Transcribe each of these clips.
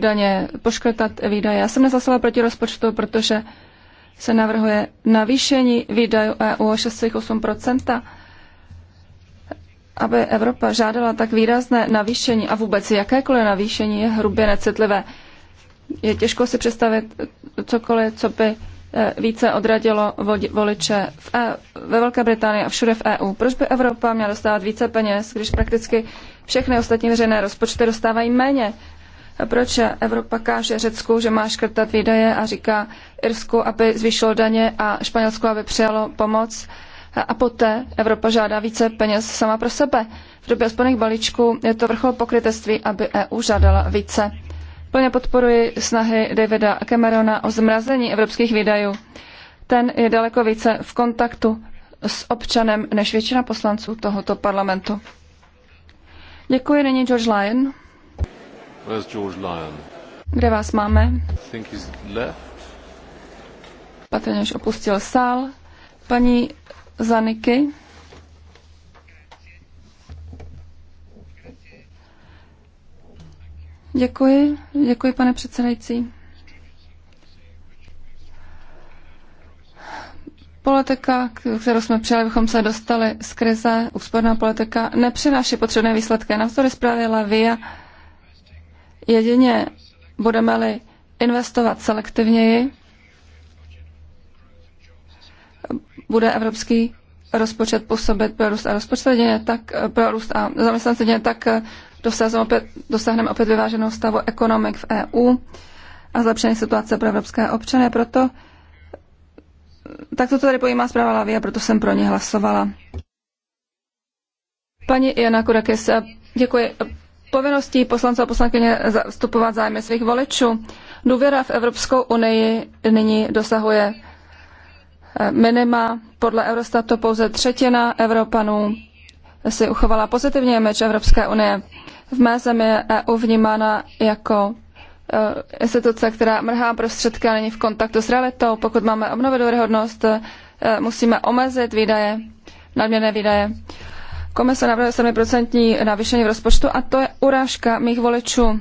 daně, poškrtat výdaje. Já jsem nezaslala proti rozpočtu, protože se navrhuje navýšení výdajů EU o 6,8%. Aby Evropa žádala tak výrazné navýšení a vůbec jakékoliv navýšení je hrubě necitlivé. Je těžko si představit cokoliv, co by eh, více odradilo voliče v e, ve Velké Británii a všude v EU. Proč by Evropa měla dostávat více peněz, když prakticky všechny ostatní veřejné rozpočty dostávají méně? proč Evropa káže Řecku, že má škrtat výdaje a říká Irsku, aby zvýšilo daně a Španělsku, aby přijalo pomoc. A poté Evropa žádá více peněz sama pro sebe. V době osporných balíčků je to vrchol pokrytectví, aby EU žádala více. Plně podporuji snahy Davida Camerona o zmrazení evropských výdajů. Ten je daleko více v kontaktu s občanem než většina poslanců tohoto parlamentu. Děkuji, není George Lyon. Where's George Lyon? Kde vás máme? I think he's left. Patrně už opustil sál. Paní Zaniky. Děkuji, děkuji pane předsedající. Politika, kterou jsme přijali, bychom se dostali z krize, úsporná politika, nepřináší potřebné výsledky. Navzdory zprávě Lavia Jedině budeme-li investovat selektivněji, bude evropský rozpočet působit pro růst a rozpočet tak pro růst a zaměstnance tak dosáhneme opět, dosáhneme opět vyváženou stavu ekonomik v EU a zlepšení situace pro evropské občany. Proto tak to tady pojímá zpráva Lavia, proto jsem pro ně hlasovala. Pani Jana Kurakis, děkuji povinností poslanců a poslankyně zastupovat zájmy svých voličů. Důvěra v Evropskou unii nyní dosahuje eh, minima. Podle Eurostatu pouze třetina Evropanů si uchovala pozitivní meč Evropské unie. V mé zemi je EU vnímána jako eh, instituce, která mrhá prostředky a není v kontaktu s realitou. Pokud máme obnovit hodnost, eh, musíme omezit výdaje, nadměrné výdaje. Komise navrhuje 7% navýšení v rozpočtu a to je urážka mých voličů.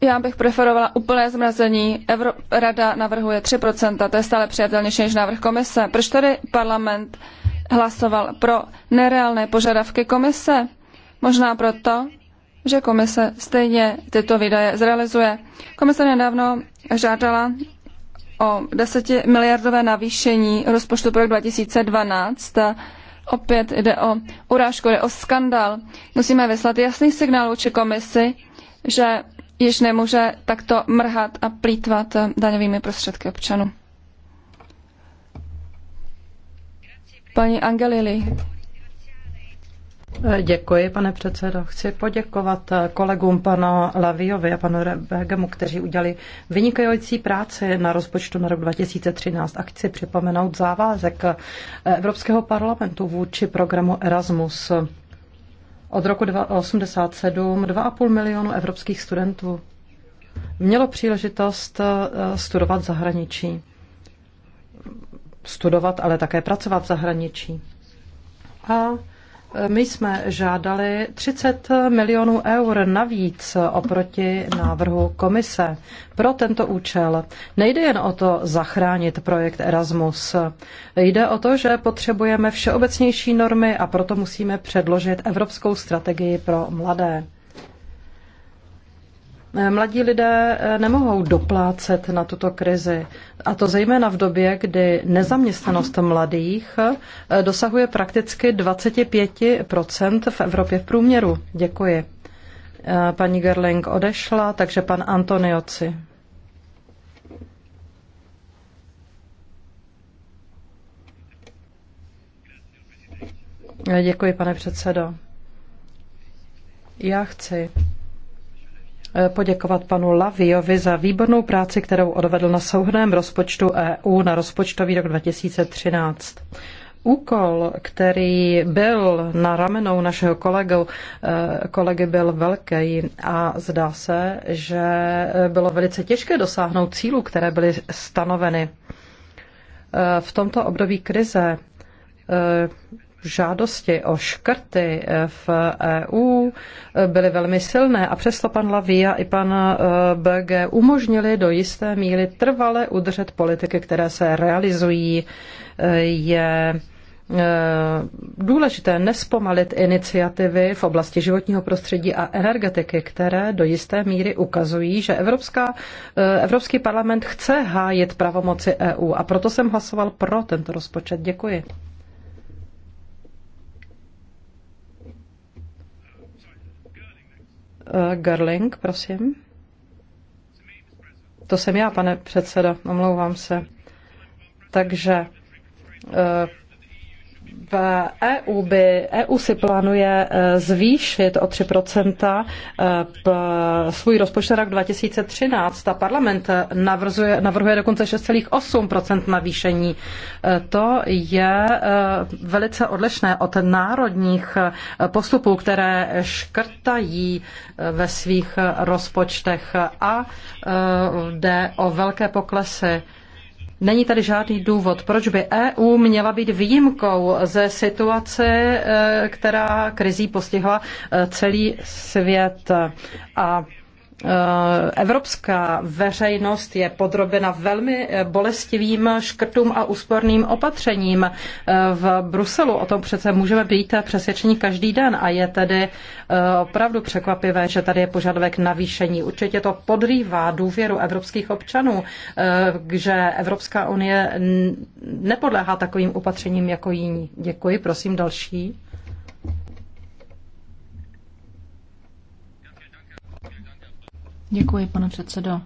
Já bych preferovala úplné zmrazení. Evro- Rada navrhuje 3%, to je stále přijatelnější než návrh komise. Proč tady parlament hlasoval pro nereálné požadavky komise? Možná proto, že komise stejně tyto výdaje zrealizuje. Komise nedávno žádala o deseti miliardové navýšení rozpočtu pro rok 2012. Opět jde o urážku, jde o skandal. Musíme vyslat jasný signál vůči komisi, že již nemůže takto mrhat a plítvat daňovými prostředky občanů. Paní Angelili. Děkuji, pane předsedo. Chci poděkovat eh, kolegům panu Laviovi a panu Rebegemu, kteří udělali vynikající práci na rozpočtu na rok 2013 a chci připomenout závazek eh, Evropského parlamentu vůči programu Erasmus. Od roku 1987 2,5 milionu evropských studentů mělo příležitost eh, studovat v zahraničí. Studovat, ale také pracovat v zahraničí. A my jsme žádali 30 milionů eur navíc oproti návrhu komise pro tento účel. Nejde jen o to zachránit projekt Erasmus. Jde o to, že potřebujeme všeobecnější normy a proto musíme předložit Evropskou strategii pro mladé. Mladí lidé eh, nemohou doplácet na tuto krizi, a to zejména v době, kdy nezaměstnanost mladých eh, dosahuje prakticky 25% v Evropě v průměru. Děkuji. Eh, paní Gerling odešla, takže pan Antonioci. Děkuji, pane předsedo. Já chci poděkovat panu Laviovi za výbornou práci, kterou odvedl na souhrném rozpočtu EU na rozpočtový rok 2013. Úkol, který byl na ramenou našeho kolegu, eh, kolegy, byl velký a zdá se, že bylo velice těžké dosáhnout cílů, které byly stanoveny. Eh, v tomto období krize eh, žádosti o škrty eh, v EU eh, byly velmi silné a přesto pan Lavia i pan eh, BG umožnili do jisté míry trvale udržet politiky, které se realizují. Je důležité nespomalit iniciativy v oblasti životního prostředí a energetiky, které do jisté míry ukazují, že Evropská, Evropský parlament chce hájit pravomoci EU a proto jsem hlasoval pro tento rozpočet. Děkuji. Eh, Gerling, prosím. To jsem já, pane předsedo, omlouvám se. Takže eh, v EU, by, EU si plánuje e, zvýšit o 3 e, svůj rozpočet rok 2013 a parlament navrzuje, navrhuje dokonce 6,8 navýšení. E, to je velice odlišné od národních postupů, které škrtají ve svých rozpočtech a jde o velké poklesy Není tady žádný důvod, proč by EU měla být výjimkou ze situace, e, která krizí postihla e, celý svět. A Eh, evropská veřejnost je podrobena velmi eh, bolestivým škrtům a úsporným opatřením eh, v Bruselu. O tom přece můžeme být přesvědčeni každý den a je tedy opravdu překvapivé, že tady je požadavek navýšení. Určitě to podrývá důvěru evropských občanů, že Evropská unie nepodléhá takovým opatřením jako jiní. Děkuji, prosím další. Děkuji, pane předsedo.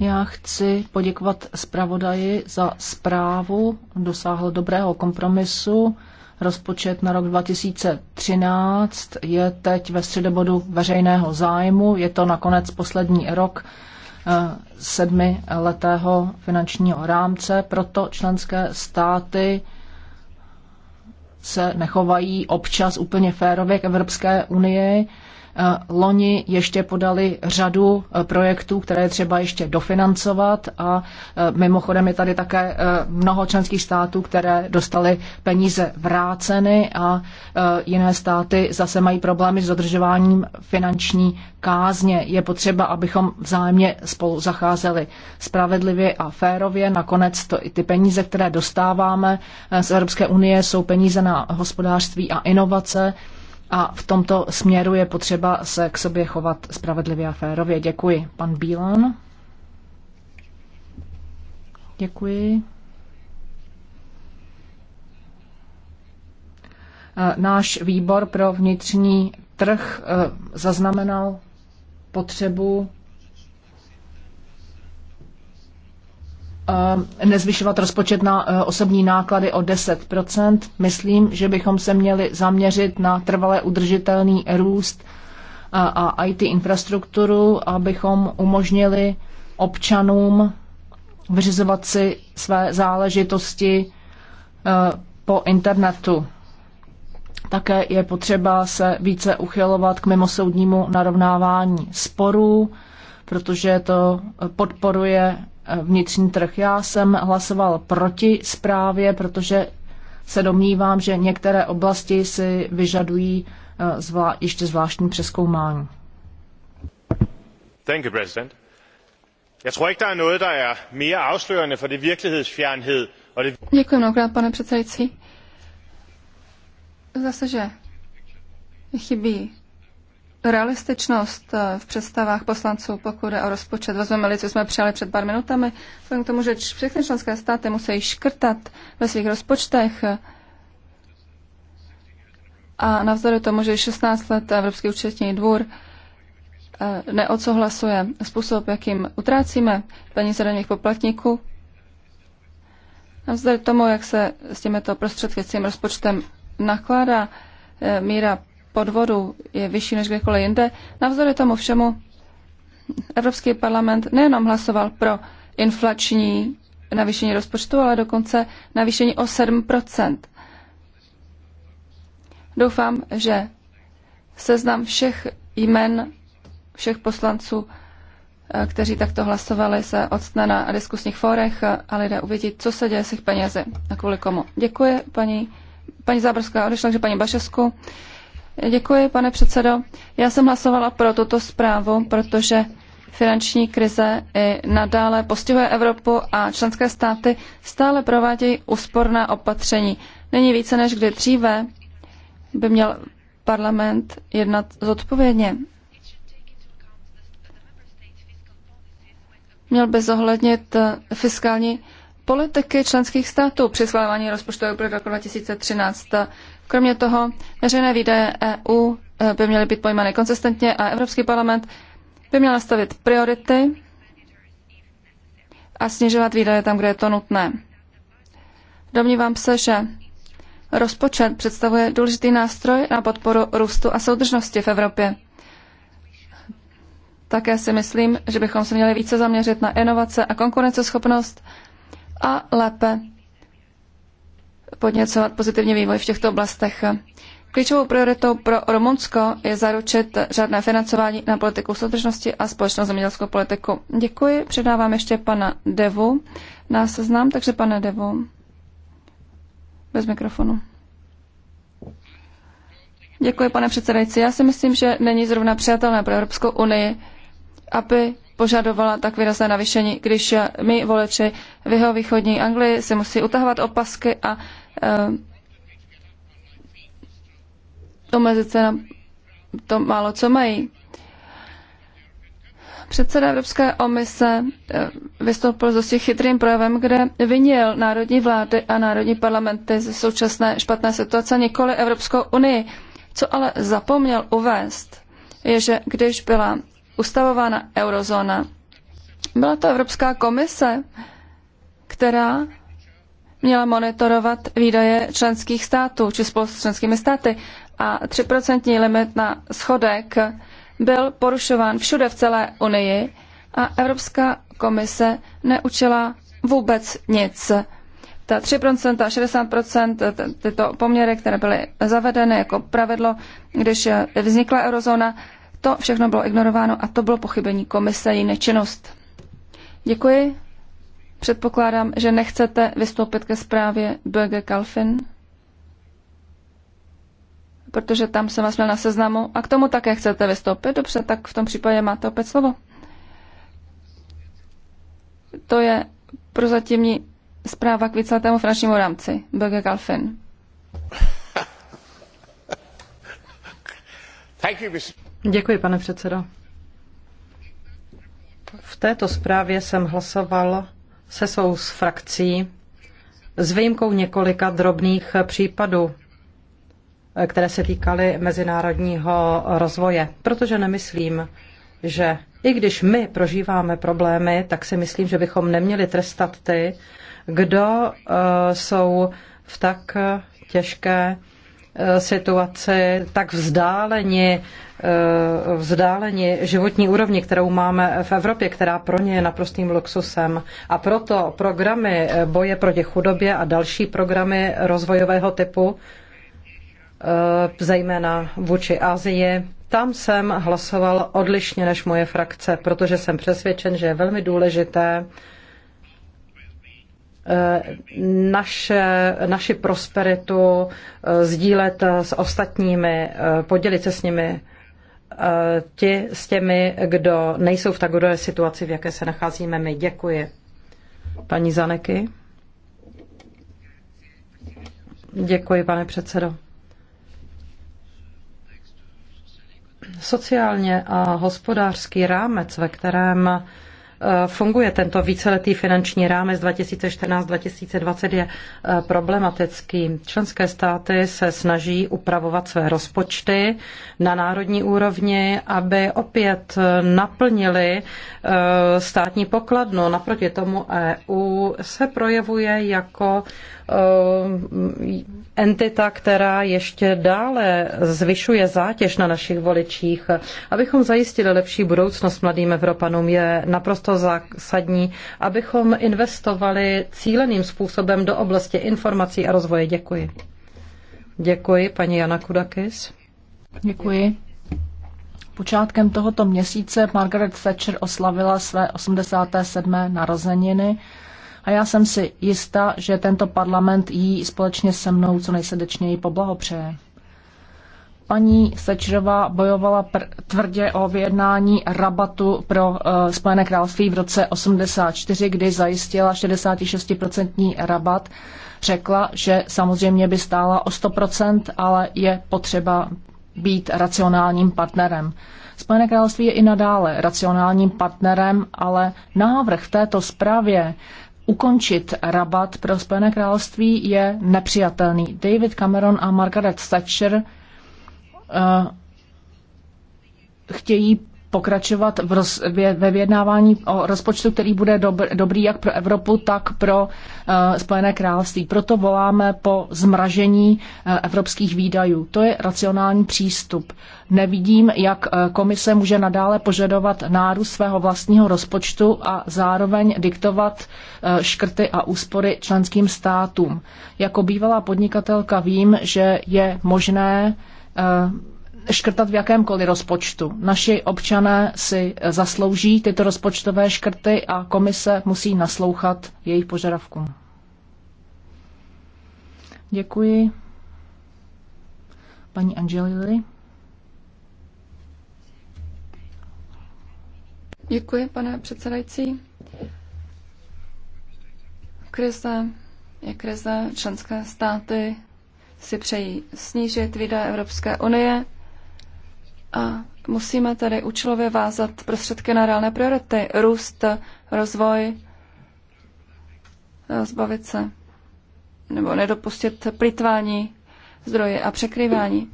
Já chci poděkovat zpravodaji za zprávu. Dosáhl dobrého kompromisu. Rozpočet na rok 2013 je teď ve středobodu veřejného zájmu. Je to nakonec poslední rok eh, sedmiletého finančního rámce, proto členské státy se nechovají občas úplně férově k Evropské unii Eh, loni ještě podali řadu eh, projektů, které třeba ještě dofinancovat a eh, mimochodem je tady také mnoho členských států, které dostaly peníze vráceny a jiné státy zase mají problémy s dodržováním finanční kázně. Je potřeba, abychom vzájemně spolu zacházeli spravedlivě a férově. Nakonec to, i ty peníze, které dostáváme z Evropské unie, jsou peníze na hospodářství a inovace a v tomto směru je potřeba se k sobě chovat spravedlivě a férově. Děkuji. Pan Bílan. Děkuji. Eh, náš výbor pro vnitřní trh eh, zaznamenal potřebu Eh, nezvyšovat rozpočet na eh, osobní náklady o 10%. Myslím, že bychom se měli zaměřit na trvalé udržitelný růst eh, a IT infrastrukturu, abychom umožnili občanům vyřizovat si své záležitosti po internetu. Také je potřeba se více uchylovat k mimosoudnímu narovnávání sporů, protože to podporuje vnitřní trh. Já jsem hlasoval proti zprávě, protože se domnívám, že některé oblasti si vyžadují eh, zvlá- ještě zvláštní přeskoumání. Thank you, President. Jeg tror ikke, der er noget, der er mere afslørende for det virkelighedsfjernhed. Og det... Děkuji mnohokrát, pane předsedající. Zase, že chybí realističnost eh, v představách poslanců, pokud je o rozpočet. vezmeme co jsme přijali před pár minutami, vzhledem k tomu, že všechny členské státy musí škrtat ve svých rozpočtech eh, a navzdory tomu, že 16 let Evropský účetní dvůr eh, neodsouhlasuje způsob, jakým utrácíme peníze do nich poplatníků, navzdory tomu, jak se s těmito prostředky, s tím rozpočtem nakládá, míra Podvodu je vyšší než kdekoliv jinde. Navzdory tomu všemu Evropský parlament nejenom hlasoval pro inflační navýšení rozpočtu, ale dokonce navýšení o 7 Doufám, že seznam všech jmen všech poslanců, eh, kteří takto hlasovali, se odstne na diskusních fórech a lidé uvidí, co se děje s jejich penězi a kvůli komu. Děkuji paní, paní Záborská odešla, že paní Bašesku. Děkuji, pane předsedo. Já jsem hlasovala pro tuto zprávu, protože finanční krize i nadále postihuje Evropu a členské státy stále provádějí úsporná opatření. Není více než kdy dříve by měl parlament jednat zodpovědně. Měl by zohlednit fiskální politiky členských států při schvalování rozpočtového pro roku 2013. Kromě toho, veřejné výdaje EU eh, by měly být pojímány konsistentně a Evropský parlament by měl nastavit priority a snižovat výdaje tam, kde je to nutné. Domnívám se, že rozpočet představuje důležitý nástroj na podporu růstu a soudržnosti v Evropě. Také si myslím, že bychom se měli více zaměřit na inovace a konkurenceschopnost a lépe podněcovat pozitivní vývoj v těchto oblastech. Klíčovou prioritou pro Rumunsko je zaručit řádné financování na politiku soudržnosti a společnou zemědělskou politiku. Děkuji. Předávám ještě pana Devu na seznam, takže pane Devu, bez mikrofonu. Děkuji, pane předsedající. Já si myslím, že není zrovna přijatelné pro Evropskou unii, aby požadovala tak výrazné navýšení, když my voleči v jeho východní Anglii si musí utahovat opasky a Eh, omezit se na to málo, co mají. Předseda Evropské omise eh, vystoupil s dosti chytrým projevem, kde vinil národní vlády a národní parlamenty ze současné špatné situace, nikoli Evropskou unii. Co ale zapomněl uvést, je, že když byla ustavována eurozóna, byla to Evropská komise, která měla monitorovat výdaje členských států či spolu s členskými státy a 3% limit na schodek byl porušován všude v celé Unii a Evropská komise neučila vůbec nic. Ta 3% a 60% tyto poměry, které byly zavedeny jako pravidlo, když vznikla eurozóna, to všechno bylo ignorováno a to bylo pochybení komise, její nečinnost. Děkuji. Předpokládám, že nechcete vystoupit ke zprávě Böge Kalfin, protože tam jsem vás měl na seznamu a k tomu také chcete vystoupit. Dobře, tak v tom případě máte opět slovo. To je prozatímní zpráva k víceletému finančnímu rámci Böge Kalfin. Děkuji, pane předsedo. V této zprávě jsem hlasoval se svou s frakcí s výjimkou několika drobných případů, eh, které se týkaly mezinárodního rozvoje. Protože nemyslím, že i když my prožíváme problémy, tak si myslím, že bychom neměli trestat ty, kdo uh, jsou v tak eh, těžké Eh, situace tak vzdáleně, eh, vzdáleně životní úrovni, kterou máme v Evropě, která pro ně je naprostým luxusem. A proto programy eh, boje proti chudobě a další programy rozvojového typu, zejména vůči Asii, tam jsem hlasoval odlišně než moje frakce, protože jsem přesvědčen, že je velmi důležité Eh, naše, naši prosperitu eh, sdílet eh, s ostatními, podělit se s nimi ti s těmi, kdo nejsou v tak dobré situaci, v jaké se nacházíme my. Děkuji. Paní Zaneky. Děkuji, pane předsedo. Sociálně a hospodářský rámec, ve kterém Eh, funguje tento víceletý finanční rámec 2014-2020 je eh, problematický. Členské státy se snaží upravovat své rozpočty na národní úrovni, aby opět eh, naplnili státní pokladnu. Naproti tomu EU se projevuje jako Eh, entita, která ještě dále zvyšuje zátěž na našich voličích. Abychom zajistili lepší budoucnost mladým Evropanům, je naprosto zásadní, abychom investovali cíleným způsobem do oblasti informací a rozvoje. Děkuji. Děkuji, paní Jana Kudakis. Děkuji. Počátkem tohoto měsíce Margaret Thatcher oslavila své 87. narozeniny a já jsem si jistá, že tento parlament jí společně se mnou co nejsrdečněji poblahopřeje. Paní Sečerová bojovala pr- tvrdě o vyjednání rabatu pro uh, Spojené království v roce 84, kdy zajistila 66% rabat. Řekla, že samozřejmě by stála o 100%, ale je potřeba být racionálním partnerem. Spojené království je i nadále racionálním partnerem, ale návrh v této zprávě ukončit rabat pro Spojené království je nepřijatelný. David Cameron a Margaret Thatcher uh, chtějí pokračovat v roz, vě, ve vyjednávání o rozpočtu, který bude dob, dobrý jak pro Evropu, tak pro uh, Spojené království. Proto voláme po zmražení uh, evropských výdajů. To je racionální přístup. Nevidím, jak uh, komise může nadále požadovat nárůst svého vlastního rozpočtu a zároveň diktovat uh, škrty a úspory členským státům. Jako bývalá podnikatelka vím, že je možné uh, škrtat v jakémkoliv rozpočtu. Naši občané si zaslouží tyto rozpočtové škrty a komise musí naslouchat jejich požadavkům. Děkuji. Paní Angelili. Děkuji, pane předsedající. Krize je krize. Členské státy si přejí snížit výdaje Evropské unie a musíme tedy účelově vázat prostředky na reálné priority. Růst, rozvoj, eh, zbavit se nebo nedopustit plitvání zdroje a překrývání.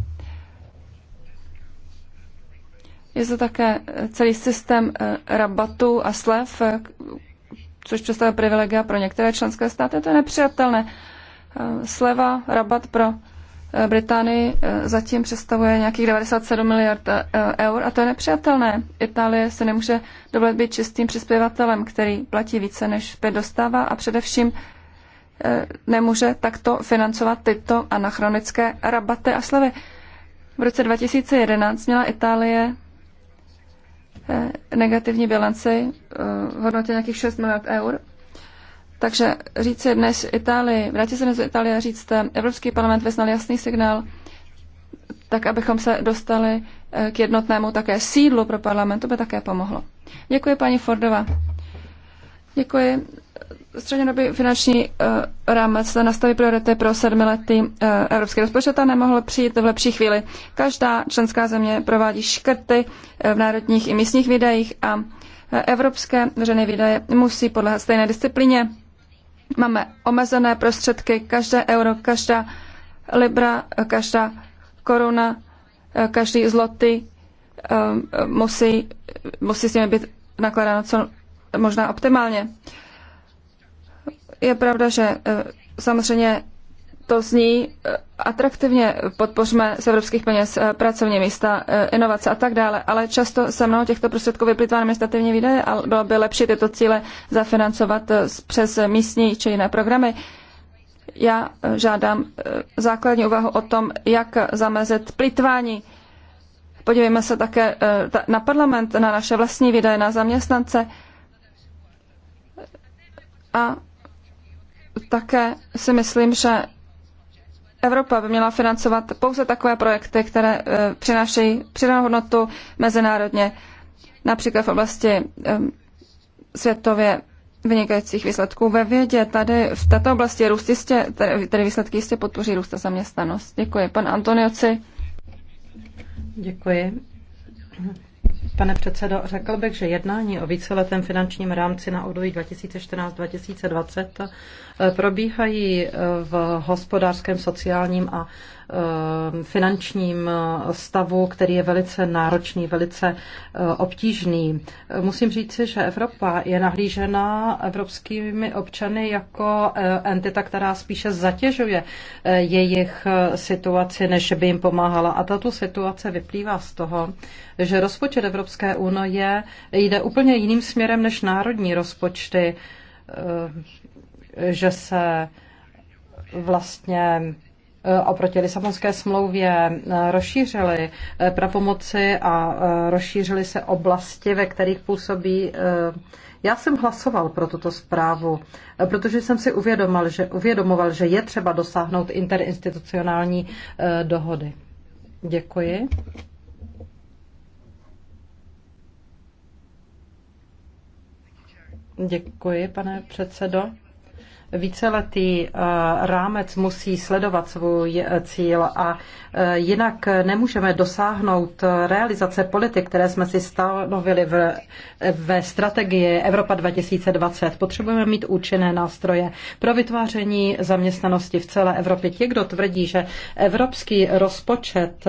Je to také eh, celý systém eh, rabatů a slev, což představuje privilegia pro některé členské státy. To je nepřijatelné. Sleva, rabat pro Eh, Británii eh, zatím představuje nějakých 97 miliard eh, eur a to je nepřijatelné. Itálie se nemůže dovolit být čistým přispěvatelem, který platí více, než zpět dostává a především nemůže takto financovat tyto anachronické rabaty a slevy. V roce 2011 měla Itálie negativní bilanci v hodnotě nějakých 6 miliard eur takže říct si dnes Itálii, vrátit se dnes do Itálie a říct, eh, Evropský parlament vyslal jasný signál, tak abychom se dostali eh, k jednotnému také sídlu pro parlament, to by také pomohlo. Děkuji paní Fordova. Děkuji. Střednědobý finanční uh, rámec nastaví priority pro sedmiletý uh, evropský rozpočet a nemohl přijít v lepší chvíli. Každá členská země provádí škrty uh, v národních i místních výdajích a uh, evropské veřejné výdaje musí podléhat stejné disciplíně. Máme omezené prostředky, každé euro, každá libra, každá koruna, každý zloty ehm, musí, musí s nimi být nakladáno co možná optimálně. Je pravda, že eh, samozřejmě to zní eh, atraktivně, podpořme z evropských peněz eh, pracovní místa, eh, inovace a tak dále, ale často se mnoho těchto prostředků vyplýtvá na administrativní výdaje a bylo by lepší tyto cíle zafinancovat přes místní či jiné programy. Já žádám základní úvahu o tom, jak zamezit plitvání. Podívejme se také na parlament, na naše vlastní výdaje, na zaměstnance a také si myslím, že Evropa by měla financovat pouze takové projekty, které eh, přinášejí přidanou hodnotu mezinárodně, například v oblasti světově vynikajících výsledků ve vědě. Tady v této oblasti růst jistě, tady, výsledky jistě podpoří růst a zaměstnanost. Děkuji. Pan Antonioci. Děkuji. Pane předsedo, řekl bych, že jednání o víceletém finančním rámci na období 2014-2020 probíhají eh, v hospodářském, sociálním a eh, finančním eh, stavu, který je velice náročný, velice obtížný. Musím říci, že Evropa je nahlížena evropskými občany jako entita, která spíše zatěžuje jejich situaci, než by jim pomáhala. A tato situace vyplývá z toho, že rozpočet Evropské unie jde úplně jiným směrem než národní rozpočty že se vlastně e, oproti Lisabonské smlouvě e, rozšířily e, pravomoci a rozšířily se oblasti, ve kterých působí. Já jsem hlasoval pro tuto zprávu, protože jsem si uvědomil, že, uvědomoval, že je třeba dosáhnout interinstitucionální dohody. Děkuji. Děkuji, pane předsedo víceletý eh, rámec musí sledovat svůj eh, cíl a eh, jinak nemůžeme dosáhnout realizace politik, které jsme si stanovili v, ve strategii Evropa 2020. Potřebujeme mít účinné nástroje pro vytváření zaměstnanosti v celé Evropě. Ti, kdo tvrdí, že evropský rozpočet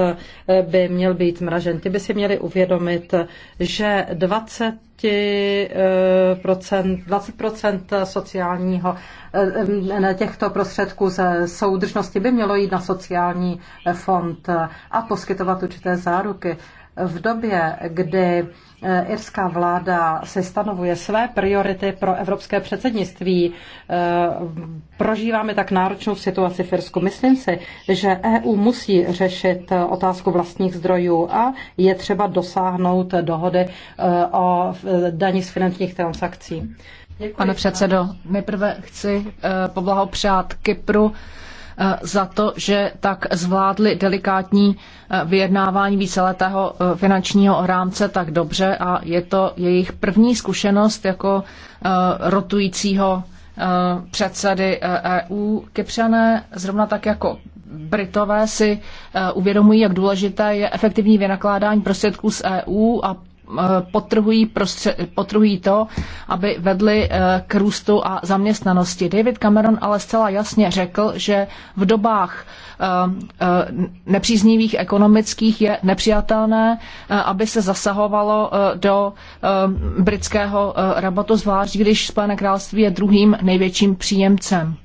by měl být mražen, ty by si měli uvědomit, že 20 20%, 20% sociálního eh, těchto prostředků ze soudržnosti by mělo jít na sociální fond a poskytovat určité záruky. V době, kdy eh, irská vláda se stanovuje své priority pro evropské předsednictví, eh, prožíváme tak náročnou situaci v Irsku. Myslím si, že EU musí řešit eh, otázku vlastních zdrojů a je třeba dosáhnout dohody o daní z finančních transakcí. Děkuji. Pane předsedo, nejprve chci poblahopřát Kypru Eh, za to, že tak zvládli delikátní eh, vyjednávání víceletého eh, finančního rámce tak dobře a je to jejich první zkušenost jako rotujícího předsedy EU. E Kypřané, zrovna tak jako Britové, si uvědomují, jak důležité je efektivní vynakládání prostředků z EU a Eh, potrhují, prostře- potrhují to, aby vedly eh, k růstu a zaměstnanosti. David Cameron ale zcela jasně řekl, že v dobách eh, nepříznivých ekonomických je nepřijatelné, aby se zasahovalo do britského rabatu, zvlášť když Spojené království je druhým největším příjemcem.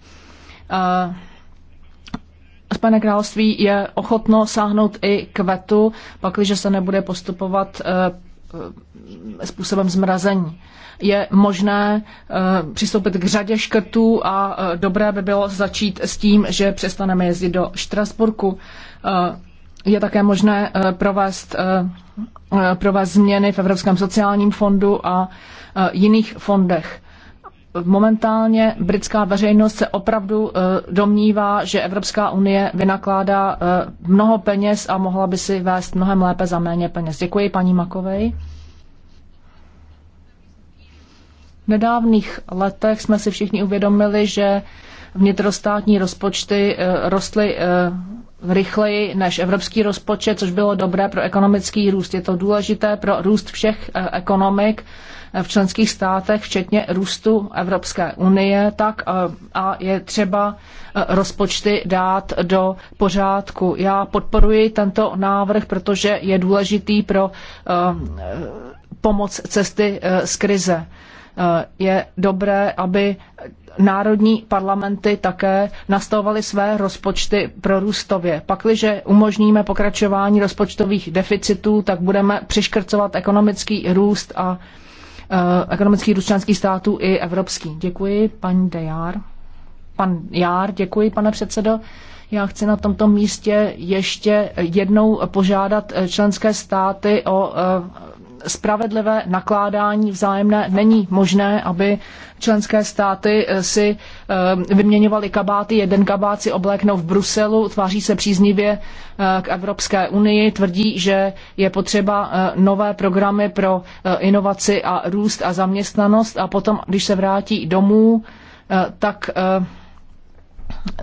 Spojené království je ochotno sáhnout i k vetu, pakliže se nebude postupovat Eh, způsobem zmrazení. Je možné eh, přistoupit k řadě škrtů a eh, dobré by bylo začít s tím, že přestaneme jezdit do Štrasburku. Je také možné provést, provést změny v Evropském sociálním fondu a jiných fondech momentálně britská veřejnost se opravdu eh, domnívá, že Evropská unie vynakládá eh, mnoho peněz a mohla by si vést mnohem lépe za méně peněz. Děkuji paní Makovej. V nedávných letech jsme si všichni uvědomili, že vnitrostátní rozpočty eh, rostly eh, rychleji než evropský rozpočet, což bylo dobré pro ekonomický růst. Je to důležité pro růst všech eh, ekonomik v členských státech, včetně růstu Evropské unie, tak a je třeba rozpočty dát do pořádku. Já podporuji tento návrh, protože je důležitý pro pomoc cesty z krize. Eh, je dobré, aby národní parlamenty také nastavovaly své rozpočty prorůstově. Pakliže umožníme pokračování rozpočtových deficitů, tak budeme přiškrcovat ekonomický růst a eh, ekonomický růst členských států i evropský. Děkuji, paní Dejár. Pan Jár, děkuji, pane předsedo. Já chci na tomto místě ještě jednou požádat členské státy o eh, spravedlivé nakládání vzájemné není možné, aby členské státy eh, si eh, vyměňovaly kabáty, jeden kabát si obléknou v Bruselu, tváří se příznivě eh, k Evropské unii, tvrdí, že je potřeba nové programy pro inovaci a růst a zaměstnanost a potom, když se vrátí domů, tak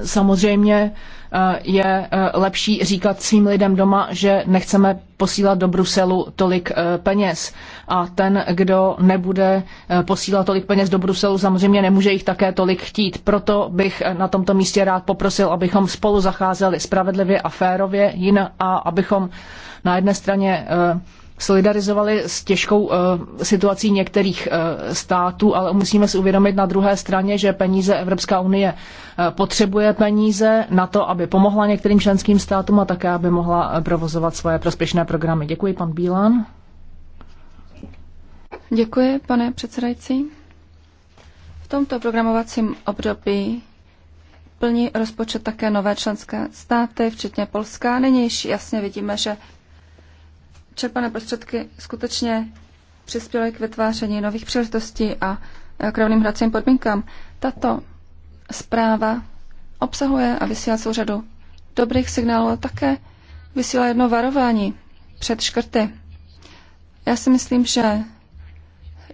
Samozřejmě eh, je eh, lepší říkat svým lidem doma, že nechceme posílat do Bruselu tolik eh, peněz. A ten, kdo nebude posílat tolik peněz do Bruselu, samozřejmě nemůže jich také tolik chtít. Proto bych na tomto místě rád poprosil, abychom spolu zacházeli spravedlivě a férově, jin a abychom na jedné straně solidarizovali s těžkou uh, situací některých uh, států, ale musíme si uvědomit na druhé straně, že peníze Evropská unie uh, potřebuje peníze na to, aby pomohla některým členským státům a také, aby mohla provozovat svoje prospěšné programy. Děkuji, pan Bílan. Děkuji, pane předsedající. V tomto programovacím období plní rozpočet také nové členské státy, včetně Polska. Nyní již jasně vidíme, že čerpané prostředky skutečně přispěly k vytváření nových příležitostí a k rovným hracím podmínkám. Tato zpráva obsahuje a vysílá celou řadu dobrých signálů a také vysílá jedno varování před škrty. Já si myslím, že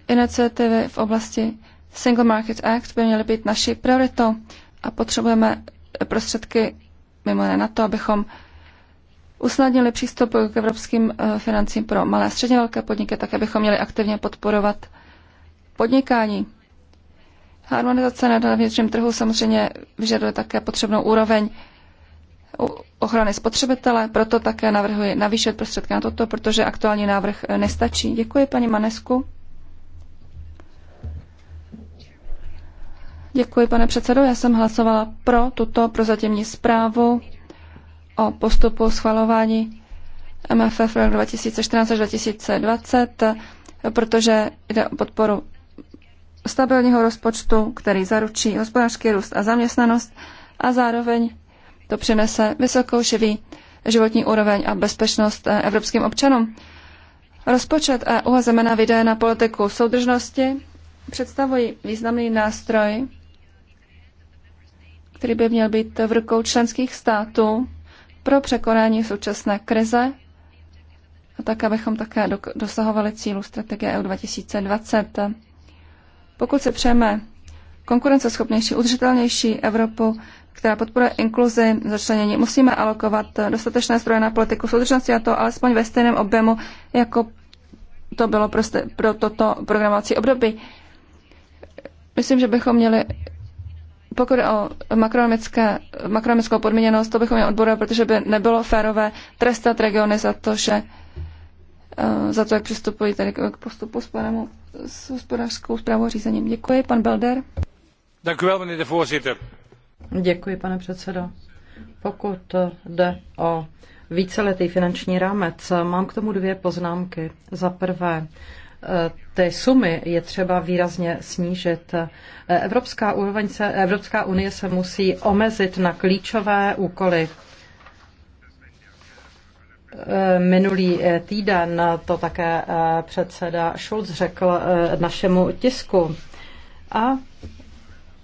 iniciativy v oblasti Single Market Act by měly být naší prioritou a potřebujeme prostředky mimo jiné na to, abychom usnadnili přístup k evropským eh, financím pro malé a středně velké podniky, tak abychom měli aktivně podporovat podnikání. Harmonizace na vnitřním trhu samozřejmě vyžaduje také potřebnou úroveň ochrany spotřebitele, proto také navrhuji navýšit prostředky na toto, protože aktuální návrh eh, nestačí. Děkuji paní Manesku. Děkuji, pane předsedo. Já jsem hlasovala pro tuto prozatímní zprávu o postupu schvalování MFF 2014 2020, protože jde o podporu stabilního rozpočtu, který zaručí hospodářský růst a zaměstnanost a zároveň to přinese vysokou živý životní úroveň a bezpečnost eh, evropským občanům. Rozpočet EU a zemena výdaje na politiku soudržnosti představují významný nástroj, který by měl být v rukou členských států pro překonání současné krize a tak, abychom také dosahovali cílu strategie EU 2020. Pokud se přejeme konkurenceschopnější, udržitelnější Evropu, která podporuje inkluzi, začlenění, musíme alokovat dostatečné zdroje na politiku soudržnosti a to alespoň ve stejném objemu, jako to bylo prostě pro toto programovací období. Myslím, že bychom měli pokud o makroekonomickou podmíněnost, to bychom měli odborovat, protože by nebylo férové trestat regiony za to, že eh, za to, jak přistupují tady k postupu s, panem, s hospodářskou zprávou řízením. Děkuji, pan Belder. Děkuji, pane předsedo. Pokud jde o víceletý finanční rámec, mám k tomu dvě poznámky. Za prvé, Eh, ty sumy je třeba výrazně snížit. Eh, Evropská, úroveň se, Evropská unie se musí omezit na klíčové úkoly. Eh, minulý týden to také předseda Schulz řekl našemu tisku. A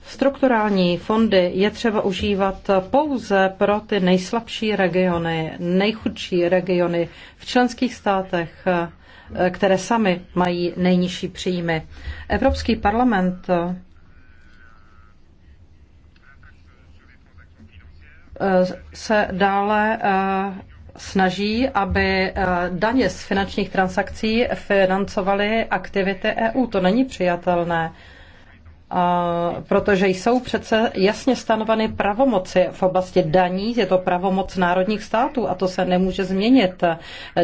Strukturální fondy je třeba užívat pouze pro ty nejslabší regiony, nejchudší regiony v členských státech. Eh, které sami mají nejnižší příjmy. Evropský parlament eh, se dále eh, snaží, aby daně z finančních transakcí financovaly aktivity EU. To není přijatelné protože jsou přece jasně stanoveny pravomoci v oblasti daní, je to pravomoc národních států a to se nemůže změnit.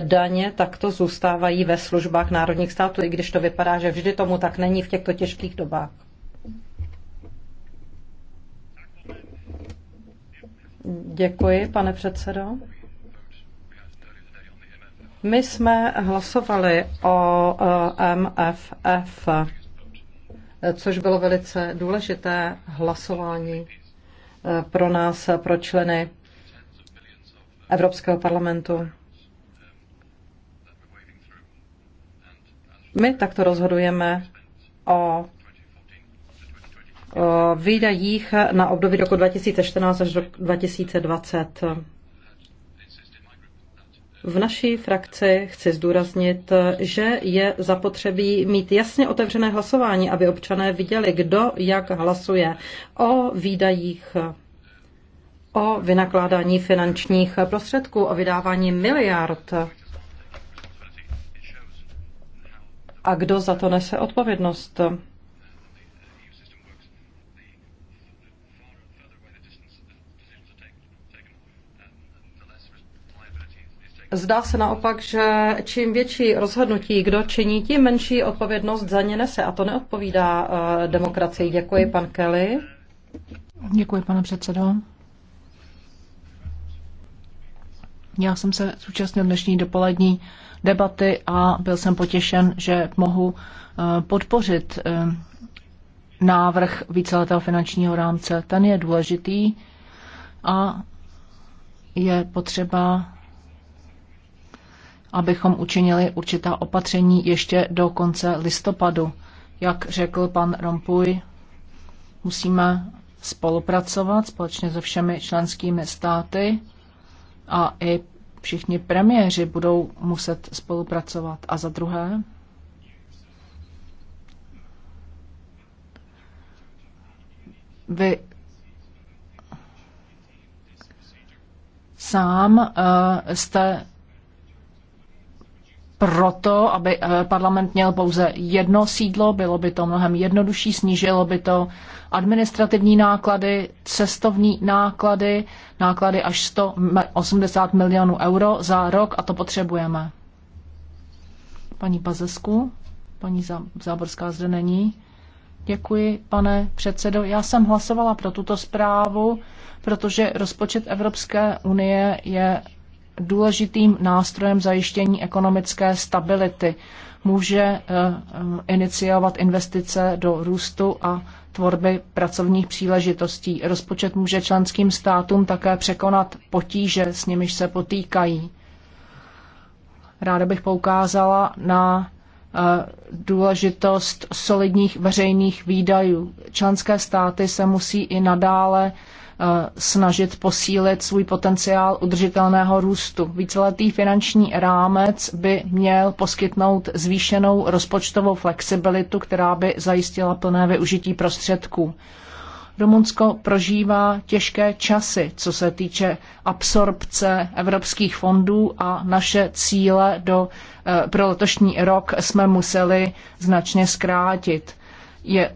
Daně takto zůstávají ve službách národních států, i když to vypadá, že vždy tomu tak není v těchto těžkých dobách. Děkuji, pane předsedo. My jsme hlasovali o eh, MFF což bylo velice důležité hlasování eh, pro nás, eh, pro členy Evropského parlamentu. My takto rozhodujeme o výdajích na období roku 2014 až do 2020. V naší frakci chci zdůraznit, že je zapotřebí mít jasně otevřené hlasování, aby občané viděli, kdo jak hlasuje o výdajích o vynakládání finančních prostředků, o vydávání miliard. A kdo za to nese odpovědnost? Zdá se naopak, že čím větší rozhodnutí, kdo činí, tím menší odpovědnost za ně nese. A to neodpovídá eh, demokracii. Děkuji, pan Kelly. Děkuji, pane předsedo. Já jsem se zúčastnil dnešní dopolední debaty a byl jsem potěšen, že mohu eh, podpořit eh, návrh víceletého finančního rámce. Ten je důležitý a je potřeba abychom učinili určitá opatření ještě do konce listopadu. Jak řekl pan Rompuy, musíme spolupracovat společně se všemi členskými státy a i všichni premiéři budou muset spolupracovat. A za druhé, vy sám eh, jste proto, aby eh, parlament měl pouze jedno sídlo, bylo by to mnohem jednodušší, snížilo by to administrativní náklady, cestovní náklady, náklady až 180 milionů euro za rok a to potřebujeme. Paní Pazesku, paní Záborská zde není. Děkuji, pane předsedo. Já jsem hlasovala pro tuto zprávu, protože rozpočet Evropské unie je důležitým nástrojem zajištění ekonomické stability. Může eh, eh, iniciovat investice do růstu a tvorby pracovních příležitostí. Rozpočet může členským státům také překonat potíže, s nimiž se potýkají. Ráda bych poukázala na eh, důležitost solidních veřejných výdajů. Členské státy se musí i nadále Eh, snažit posílit svůj potenciál udržitelného růstu. Víceletý finanční rámec by měl poskytnout zvýšenou rozpočtovou flexibilitu, která by zajistila plné využití prostředků. Rumunsko prožívá těžké časy, co se týče absorpce evropských fondů a naše cíle do, eh, pro letošní rok jsme museli značně zkrátit. Je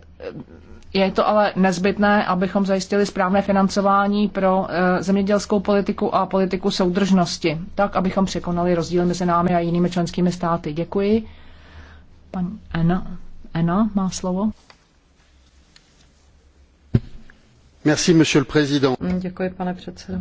je to ale nezbytné, abychom zajistili správné financování pro eh, zemědělskou politiku a politiku soudržnosti, tak abychom překonali rozdíly mezi námi a jinými členskými státy. Děkuji. Pan Ena, Ena má slovo. Merci, monsieur le président. Děkuji, pane předsedo.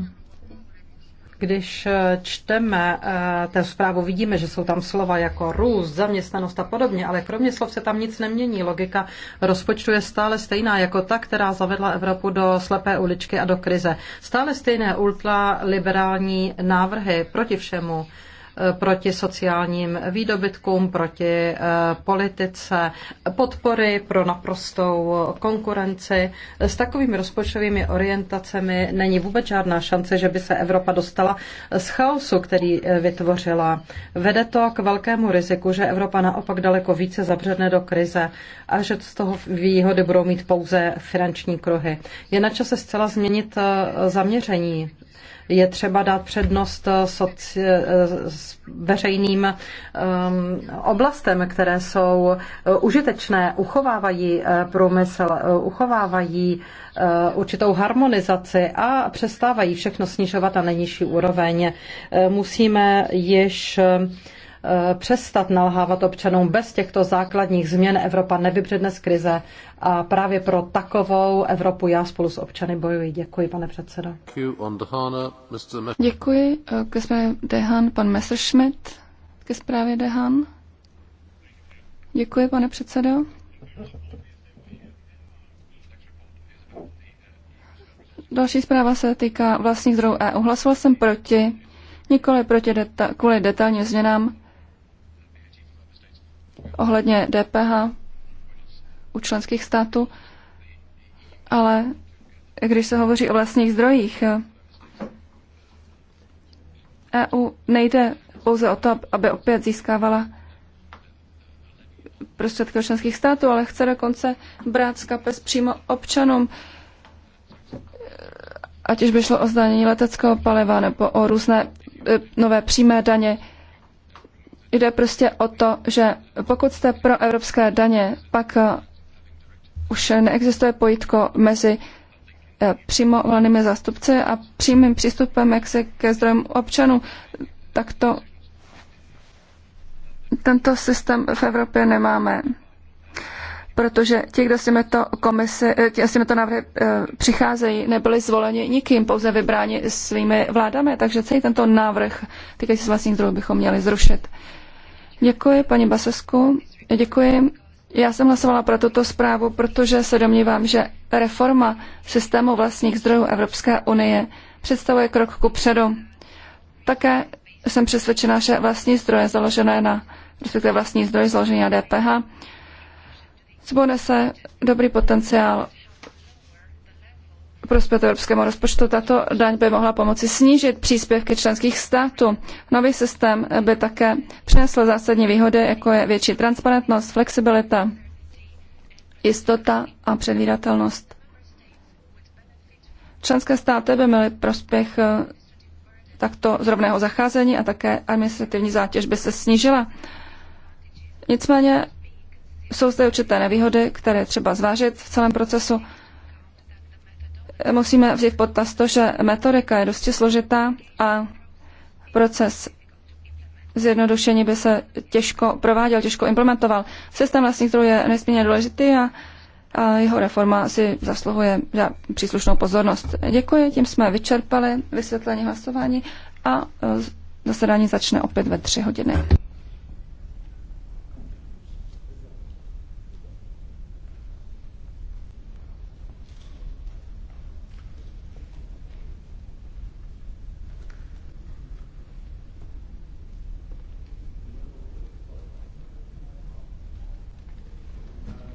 Když eh, čteme eh, té zprávu, vidíme, že jsou tam slova jako růst, zaměstnanost a podobně, ale kromě slov se tam nic nemění. Logika rozpočtu je stále stejná jako ta, která zavedla Evropu do slepé uličky a do krize. Stále stejné ultraliberální návrhy proti všemu Eh, proti sociálním výdobytkům, proti eh, politice, podpory pro naprostou konkurenci. S takovými rozpočtovými orientacemi není vůbec žádná šance, že by se Evropa dostala z chaosu, který eh, vytvořila. Vede to k velkému riziku, že Evropa naopak daleko více zabředne do krize a že z toho výhody budou mít pouze finanční kruhy. Je na čase zcela změnit zaměření je třeba dát přednost eh, soci, eh, veřejným ehm, oblastem, které jsou eh, užitečné, uchovávají průmysl, uchovávají určitou harmonizaci a přestávají všechno snižovat na nejnižší úroveň. Musíme již Eh, přestat nalhávat občanům. Bez těchto základních změn Evropa nevybředne z krize a právě pro takovou Evropu já spolu s občany bojuji. Děkuji, pane předsedo. Děkuji. Eh, ke Dehan, pan Messerschmidt. Ke zprávě Dehan. Děkuji, pane předsedo. Další zpráva se týká vlastních zdrojů EU. Hlasoval jsem proti, nikoli proti deta- kvůli detailním změnám ohledně DPH u členských států, ale když se hovoří o vlastních zdrojích, EU nejde pouze o to, aby opět získávala prostředky členských států, ale chce dokonce brát z kapes přímo občanům, ať už by šlo o zdanění leteckého paliva nebo o různé e, nové přímé daně. Jde prostě o to, že pokud jste pro evropské daně, pak eh, už neexistuje pojítko mezi eh, přímo volenými zástupci a přímým přístupem k se ke zdrojům občanů, tak to tento systém v Evropě nemáme. Protože ti, kdo s těmito, komise, eh, ti, s těmito návrhy e, přicházejí, nebyli zvoleni nikým, pouze vybráni svými vládami, takže celý tento návrh týkající se vlastních zdrojů bychom měli zrušit. E, Děkuji, paní Basesku. Děkuji. Já jsem hlasovala pro tuto zprávu, protože se domnívám, že reforma systému vlastních zdrojů Evropské unie představuje krok ku předu. Také jsem přesvědčena, že vlastní zdroje založené na, respektive vlastní zdroje založené na DPH, se dobrý potenciál prospět evropskému rozpočtu. Tato daň by mohla pomoci snížit příspěvky členských států. Nový systém by také přinesl zásadní výhody, jako je větší transparentnost, flexibilita, jistota a předvídatelnost. Členské státy by měly prospěch eh, takto zrovného zacházení a také administrativní zátěž by se snížila. Nicméně jsou zde určité nevýhody, které třeba zvážit v celém procesu musíme vzít potaz to, že metodika je dosti složitá a proces zjednodušení by se těžko prováděl, těžko implementoval. Systém vlastních zdrojů je nesmírně důležitý a, a jeho reforma si zasluhuje za příslušnou pozornost. Děkuji, tím jsme vyčerpali vysvětlení hlasování a e, zasedání začne opět ve tři hodiny.